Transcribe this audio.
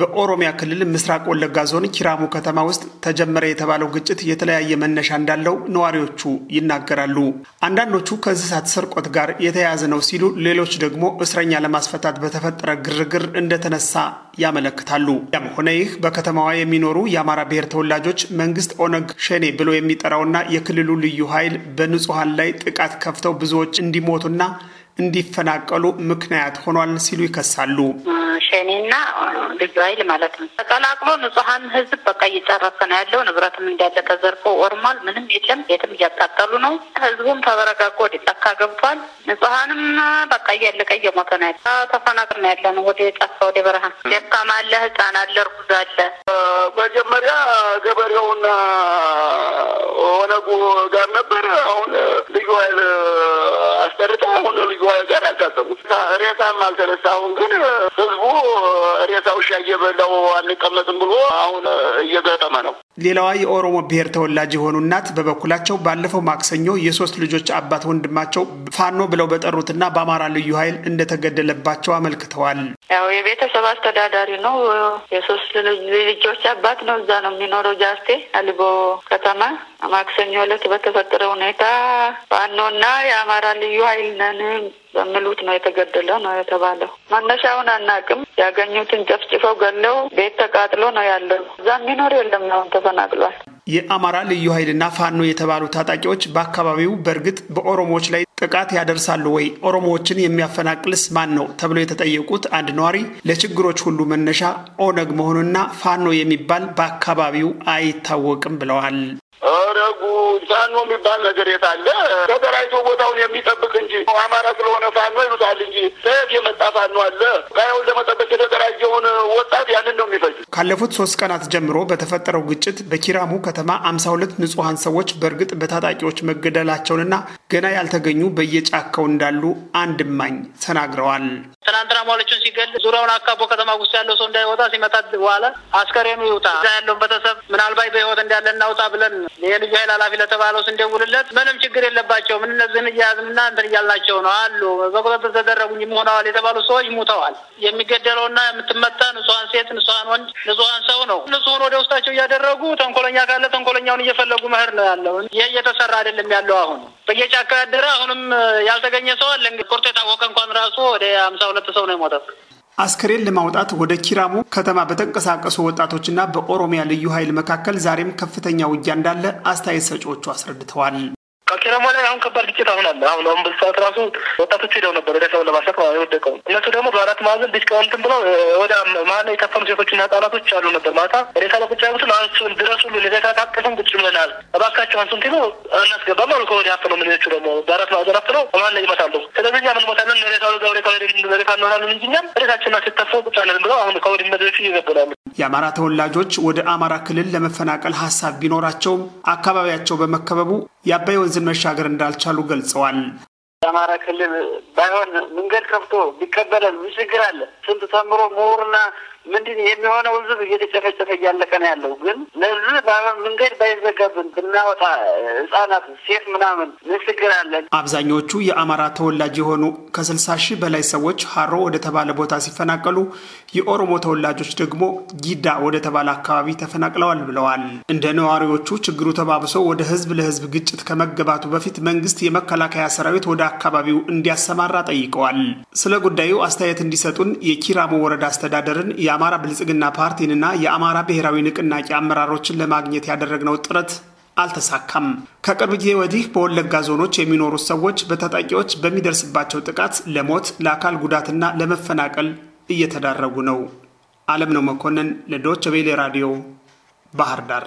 በኦሮሚያ ክልል ምስራቅ ወለጋ ዞን ኪራሙ ከተማ ውስጥ ተጀመረ የተባለው ግጭት የተለያየ መነሻ እንዳለው ነዋሪዎቹ ይናገራሉ። አንዳንዶቹ ከእንስሳት ስርቆት ጋር የተያያዘ ነው ሲሉ፣ ሌሎች ደግሞ እስረኛ ለማስፈታት በተፈጠረ ግርግር እንደተነሳ ያመለክታሉ። ያም ሆነ ይህ በከተማዋ የሚኖሩ የአማራ ብሔር ተወላጆች መንግስት ኦነግ ሸኔ ብሎ የሚጠራውና የክልሉ ልዩ ኃይል በንጹሐን ላይ ጥቃት ከፍተው ብዙዎች እንዲሞቱና እንዲፈናቀሉ ምክንያት ሆኗል ሲሉ ይከሳሉ። ሸኔና ልዩ ኃይል ማለት ነው ተቀላቅሎ ንጹሀን ህዝብ በቃ እየጨረሰ ነው ያለው። ንብረትም እንዳለ ተዘርፎ ወርሟል። ምንም የለም። ቤትም እያቃጠሉ ነው። ህዝቡም ተበረጋጎ ወደ ጫካ ገብቷል። ንጹሀንም በቃ እያለቀ እየሞተ ነው ያለ ተፈናቅር ነው ያለ ነው ወደ ጫካ ወደ በረሃ ደካማ አለ፣ ህፃን አለ፣ እርጉዝ አለ። መጀመሪያ ገበሬውና ኦነጉ ጋር ነበር። አሁን ልዩ ኃይል ሬሳም አልተነሳ። አሁን ግን ህዝቡ ሬሳው ሻ እየበላው አንቀመጥም ብሎ አሁን እየገጠመ ነው። ሌላዋ የኦሮሞ ብሔር ተወላጅ የሆኑ እናት በበኩላቸው ባለፈው ማክሰኞ የሶስት ልጆች አባት ወንድማቸው ፋኖ ብለው በጠሩትና በአማራ ልዩ ኃይል እንደተገደለባቸው አመልክተዋል። ያው የቤተሰብ አስተዳዳሪ ነው። የሶስት ልጆች አባት ነው። እዛ ነው የሚኖረው ጃስቴ አልቦ ከተማ። ማክሰኞ ዕለት በተፈጠረ ሁኔታ ፋኖና የአማራ ልዩ ኃይል ነን በሚሉት ነው የተገደለ ነው የተባለው። መነሻውን አናውቅም። ያገኙትን ጨፍጭፈው ገለው ቤት ተቃጥሎ ነው ያለው። እዛ የሚኖር የለም። አሁን ተፈናቅሏል። የአማራ ልዩ ኃይልና ፋኖ የተባሉ ታጣቂዎች በአካባቢው በእርግጥ በኦሮሞዎች ላይ ጥቃት ያደርሳሉ ወይ? ኦሮሞዎችን የሚያፈናቅልስ ማን ነው? ተብሎ የተጠየቁት አንድ ነዋሪ ለችግሮች ሁሉ መነሻ ኦነግ መሆኑና ፋኖ የሚባል በአካባቢው አይታወቅም ብለዋል። ኦነጉ ፋኖ የሚባል ነገር የት አለ? ተደራጅቶ ቦታውን የሚጠብቅ እንጂ አማራ ስለሆነ ፋኖ ይሉታል እንጂ ከየት የመጣ ፋኖ አለ? ቀየውን ለመጠበቅ የተደራጀውን ወጣት ያንን ነው የሚፈጅ ካለፉት ሶስት ቀናት ጀምሮ በተፈጠረው ግጭት በኪራሙ ከተማ 52 ንጹሐን ሰዎች በእርግጥ በታጣቂዎች መገደላቸውንና ገና ያልተገኙ በየጫካው እንዳሉ አንድ እማኝ ተናግረዋል። ትናንትና ሟሎቹን ሲገል ዙሪያውን አካቦ ከተማ ውስጥ ያለው ሰው እንዳይወጣ ሲመታ በኋላ አስከሬኑ ይውጣ እዛ ያለውን ቤተሰብ ህይወት እንዳለ እናውጣ ብለን የልዩ ኃይል ኃላፊ ለተባለው ስንደውልለት ምንም ችግር የለባቸውም እነዚህን እያያዝንና እንትን እያልናቸው ነው አሉ። በቁጥጥር ተደረጉኝ ሆነዋል የተባሉ ሰዎች ሙተዋል። የሚገደለውና የምትመታ ንጹሐን ሴት፣ ንጹሐን ወንድ፣ ንጹሐን ሰው ነው። ንጹሁን ወደ ውስጣቸው እያደረጉ ተንኮለኛ ካለ ተንኮለኛውን እየፈለጉ መህር ነው ያለው። ይህ እየተሰራ አይደለም ያለው አሁን በየጫካ ያደረ አሁንም ያልተገኘ ሰው አለ። ቁርጥ የታወቀ እንኳን ራሱ ወደ ሀምሳ ሁለት ሰው ነው የሞተው። አስከሬን ለማውጣት ወደ ኪራሙ ከተማ በተንቀሳቀሱ ወጣቶችና በኦሮሚያ ልዩ ኃይል መካከል ዛሬም ከፍተኛ ውጊያ እንዳለ አስተያየት ሰጪዎቹ አስረድተዋል። ሲረማ ላይ አሁን ከባድ ግጭት አሁን አለ። አሁን አሁን በዚህ ራሱ ወጣቶች ሄደው ነበር ወደ ሰው ለማሰቅ የወደቀው እነሱ ደግሞ በአራት ማዕዘን ዲስካውንትን ብለው ወደ መሀል ላይ የጠፈኑ ሴቶችና ህጻናቶች አሉ ነበር ማታ ሬሳ ለቁጭ ያሉትን አንሱን ድረሱ ሬሳ ታቅፉን ቁጭ ብለናል እባካቸው አንሱን ሲሉ እናስገባም አሉ። ከወዲ ነው ምንቹ ደግሞ በአራት ማዕዘን አፍነው በመሀል ላይ ይመታሉ። ስለዚህ እኛ ምን ሞታለን ሬሳ ዛሬ ሬሳ እንሆናለን እንጂ እኛም ሬሳችንና ሲተፉ ቁጭ አለን ብለው አሁን ከወዲ መድረሹ ይዘብላሉ። የአማራ ተወላጆች ወደ አማራ ክልል ለመፈናቀል ሀሳብ ቢኖራቸውም አካባቢያቸው በመከበቡ የአባይ ወንዝን መ መሻገር እንዳልቻሉ ገልጸዋል። የአማራ ክልል ባይሆን መንገድ ከፍቶ ቢቀበለን ምን ችግር አለ? ስንት ተምሮ ምሁርና ምንድን የሚሆነው ህዝብ እየተጨፈጨፈ እያለቀ ነው ያለው። ግን ለዚህ መንገድ ባይዘጋብን ብናወጣ ህጻናት፣ ሴት ምናምን ንስግር አለን? አብዛኞቹ የአማራ ተወላጅ የሆኑ ከስልሳ ሺህ በላይ ሰዎች ሀሮ ወደ ተባለ ቦታ ሲፈናቀሉ የኦሮሞ ተወላጆች ደግሞ ጊዳ ወደ ተባለ አካባቢ ተፈናቅለዋል ብለዋል። እንደ ነዋሪዎቹ ችግሩ ተባብሶ ወደ ህዝብ ለህዝብ ግጭት ከመገባቱ በፊት መንግስት የመከላከያ ሰራዊት ወደ አካባቢው እንዲያሰማራ ጠይቀዋል። ስለ ጉዳዩ አስተያየት እንዲሰጡን የኪራሞ ወረዳ አስተዳደርን የአማራ ብልጽግና ፓርቲንና የአማራ ብሔራዊ ንቅናቄ አመራሮችን ለማግኘት ያደረግነው ጥረት አልተሳካም። ከቅርብ ጊዜ ወዲህ በወለጋ ዞኖች የሚኖሩ ሰዎች በታጣቂዎች በሚደርስባቸው ጥቃት ለሞት ለአካል ጉዳትና ለመፈናቀል እየተዳረጉ ነው። አለም ነው መኮንን ለዶች ቬሌ ራዲዮ ባህር ዳር